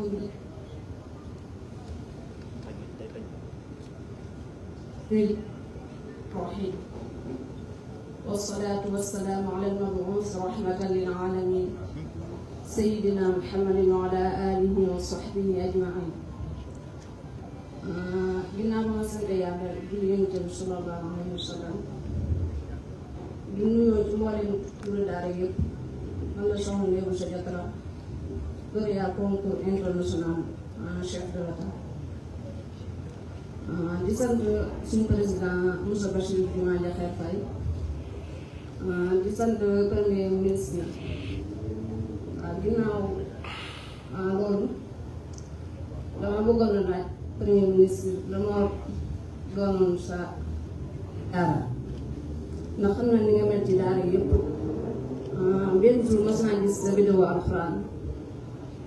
wér wér tawxiid والصلاة والسلام على المبعوث رحمة للعالمين سيدنا محمد وعلى آله وصحبه أجمعين ginnaaw ba ma sant yàlla julli yonent bi sallallahu alayhi wa sallam di nuyoo ci mboolem turu daara yëpp man la soxna Ndeye Bousso Diattara Victoria concours international en ah, chef de l'État ah, di sant suñu président monsieur Bachir Diomaye Diakhar Faye ah, di sant premier ministre waaw ginnaaw loolu dama bëggoon a laaj premier ministre dama doonoon sa daara ndax xam na ni nga mel ci daara yëpp benn jour ma saa gis sa vidéo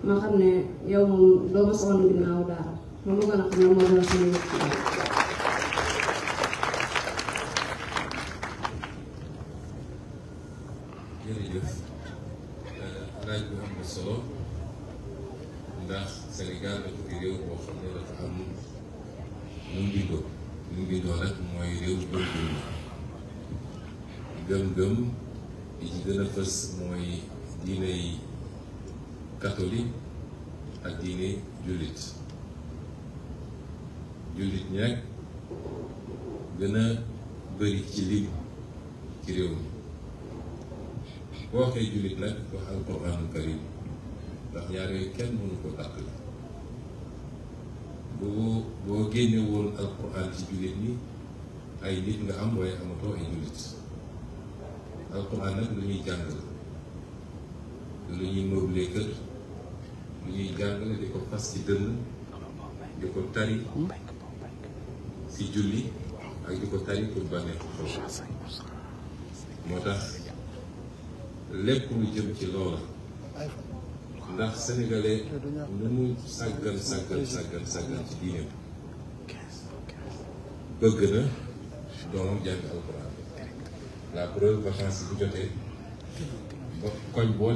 ma ne yow moom doo ma soxla ginnaaw daara ma bëggoon a xam ne moo doon sama yëg ci yow. jërëjëf euh, laaj bu am solo ndax Sénégal dafa di réew boo xam ne dafa am lu mu bindoo lu mu bindoo nag mooy réew gëm-gëm gëm-gëm yi ci gën a fës mooy diinay catholique ak diine jullit jullit ñi rek gën a bëri ci lim ci réew mi boo waxee jullit nag wax alquraanul karim ndax ñaar yooyu kenn mënu ko tàkk la boo boo génne ni ay nit nga am waaye amatoo ay jullit alquraan nag lu ñuy jàng la lu ñuy meublé ñuy jàngale di ko fas ci dënn di ko tari ci julli ak di ko tari pour bànneexu xol moo tax lépp lu jëm ci loola ndax sénégalais nu mu sàggan sàggan sàggan sàggan ci diine bëgg na doomam jàng alxuraan la preuve vacances yi bu koñ boo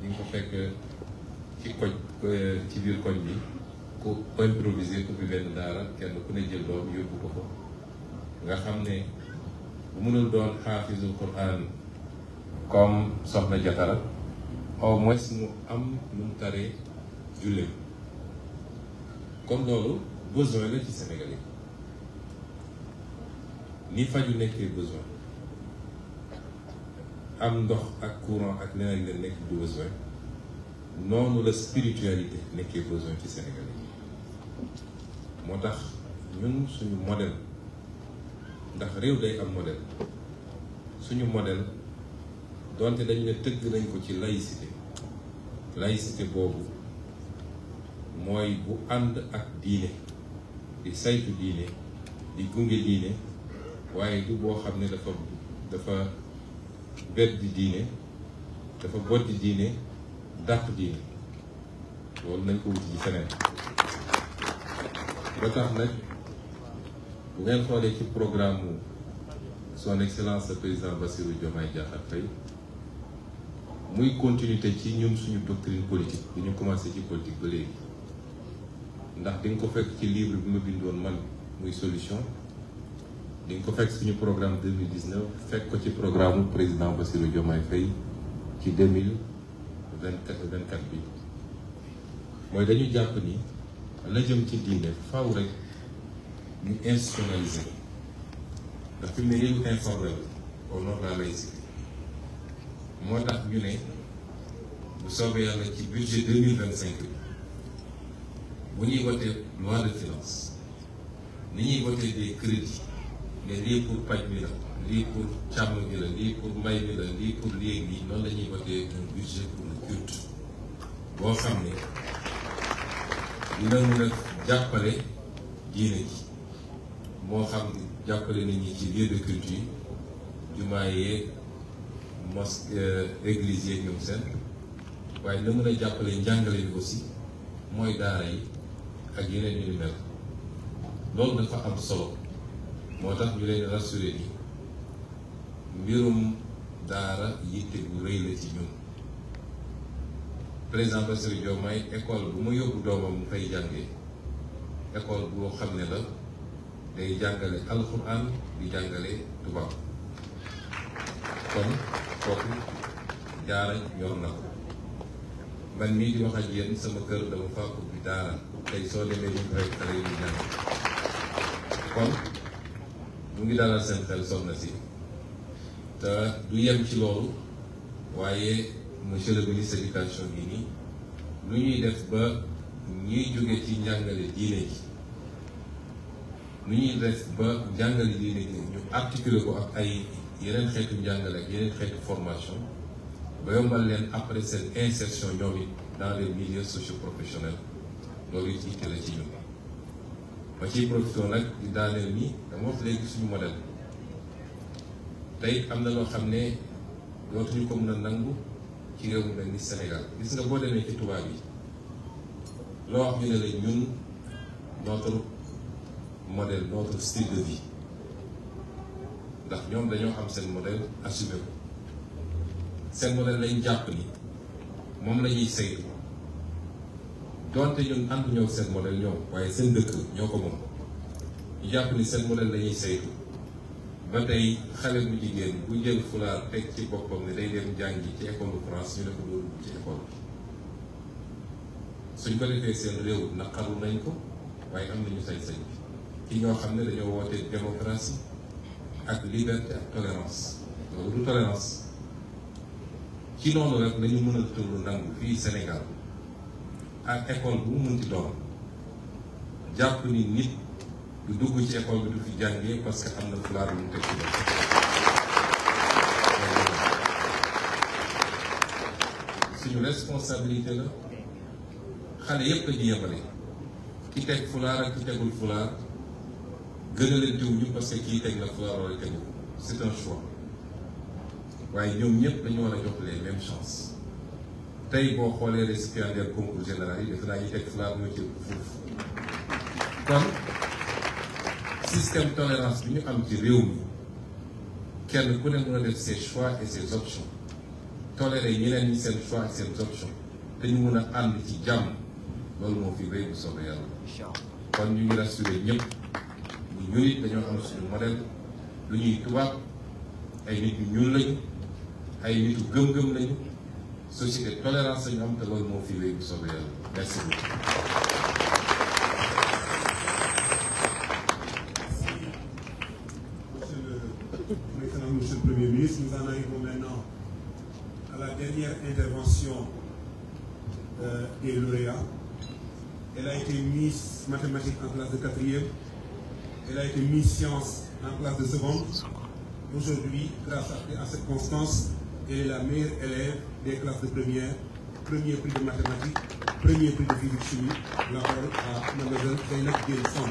di ko fekk ci koñ euh, ci biir koñ bi ku improviser ku bi benn daara kenn ku ne jël doom yóbbu ko ko nga xam ne bu mënul doon xaafisul quran comme soxna jotara au moins mu am nu mu taree jullit comme loolu besoin la ci Sénégal yi ni faju nekkee besoin am ndox ak courant ak leneen la nekk du besoin noonu la spiritualité nekkee besoin ci Sénégal yi moo tax ñun suñu modèle ndax réew day am modèle suñu modèle donte dañ ne tëgg nañ ko ci laïcité laïcité boobu mooy bu ànd ak diine di saytu diine di gunge diine waaye du boo xam ne dafa dafa beddi diine dafa boddi diine dàq jii loolu nañ ko wuti ji feneen ba tax nag bu ngeen xoolee ci programme mu son excellence le président Bassirou Diomaye Diakhar Faye muy continuité ci ñun suñu doctrine politique bu ñu commencé ci politique ba léegi ndax di ko fekk ci livre bi ma bindoon man muy solution di ko fekk suñu programme 2019 fekk ko ci programme président Bassirou Diomaye Faye ci 2000 vingt-quatre vingt-quatre bi mooy dañu jàpp ni la jëm ci diine faw rek ñu institutionnaliser ndax fi mu ne yëngu informel au nom de la laïcité moo tax ñu ne bu soobee yàlla ci budget deux mille vingt cinq bi bu ñuy voté loi de finance ni ñuy voté des crédits mais lii pour paj bi la lii pour càmm bi la lii pour mbay bi la lii pour lii bi noonu la ñuy voté un budget boo xam ne dina mën a jàppale diine ji moo xam jàppale nit ñi ci lieu de culte yi jumaa yeeg mosquée euh, église yeeg ñoom seen waaye na mën a jàppale njàngale bi mooy daara yi ak yeneen yu ni mel loolu dafa am solo moo tax ñu leen rassuré ni mbirum daara yitte bu rëy la ci ñun président Bassirou Diomaye école bu mu yóbbu doomam mu fay jàngee école boo xam ne la day jàngale alxuraan di jàngale tubaab kon kooku daara ñor na ko man mii di wax ak sama kër dama fàkku bi daara tey soo demee ñu koy xale yi di kon mu ngi dalal seen xel soxna si te du yem ci loolu waaye monsieur le ministre éducation bi nii lu ñuy def ba ñuy jóge ci njàngale diine ji lu ñuy def ba njàngale diine ji ñu articuler ko ak ay yeneen xeetu njàngale ak yeneen xeetu formation ba yombal leen après seen insertion ñoom it dans les milieux socioprofessionnels loolu it la ci ñun ma ciy profité nag di daaneel dama wax léegi suñu modèle tey am na loo xam ne dootuñu ko mën a nangu ci réew mu mel ni Sénégal gis nga boo demee ci tubaab yi loo wax ñu ne la ñun notre modèle notre style de vie ndax ñoom dañoo xam seen modèle assumé ko seen modèle lañ jàpp ni moom la ñuy saytu donte ñun ànduñoo ñoo seen modèle ñoom waaye seen dëkk ñoo ko moom ñu jàpp ni seen modèle lañuy saytu ba tey xale bu jigéen bu jël fulaar teg ci boppam ne day dem jàngi ci école de France ñu ne ko dóor ci école suñ ko defee seen réew naqaru nañ ko waaye am nañu sañ-sañ bi ci ñoo xam ne dañoo woote démocratie ak liberté ak tolérance loolu ci noonu rek lañu mën a tëru nangu fii Sénégal ak école bu mu mënti doon jàpp ni nit du dugg ci école bi du fi jàngee parce que am na fulaar bu mu teg ci suñu responsabilité la xale yépp la ñu yemale ki teg fulaar ak ki tegul fulaar gën parce que kii teg na fulaar wala tegul c'est un choix waaye ñoom ñëpp dañu war jox les mêmes chances tey boo xoolee récipiendaire concours général yi defe naa ñu teg flag moo ci foofu kon système tolérance bi ñu am ci réew mi kenn ku ne mën a def ses choix et ses options toléré ñi seen choix et te ñu mun a ànd ci jàmm loolu moo fi réew bu soobee yàlla kon ñu ngi rassuré ñëpp ñu ñun it dañoo am suñu modèle lu ñuy tubaab ay nit ñu ñuul lañu ay nitu gëm-gëm lañu société tolérance la ñu te loolu moo fi wéy bu soobee yàlla merci monsieur le Premier ministre, nous en arrivons maintenant à la dernière intervention euh, des lauréats. Elle a été Miss mathématiques en classe de quatrième. Elle été Miss sciences en classe de seconde. Aujourd'hui, grâce à cette constance elle est la meilleure élève des classes de première premier prix de mathématiques premier de physique chimie la parole à mademoiselle Gaynab Dièye Samb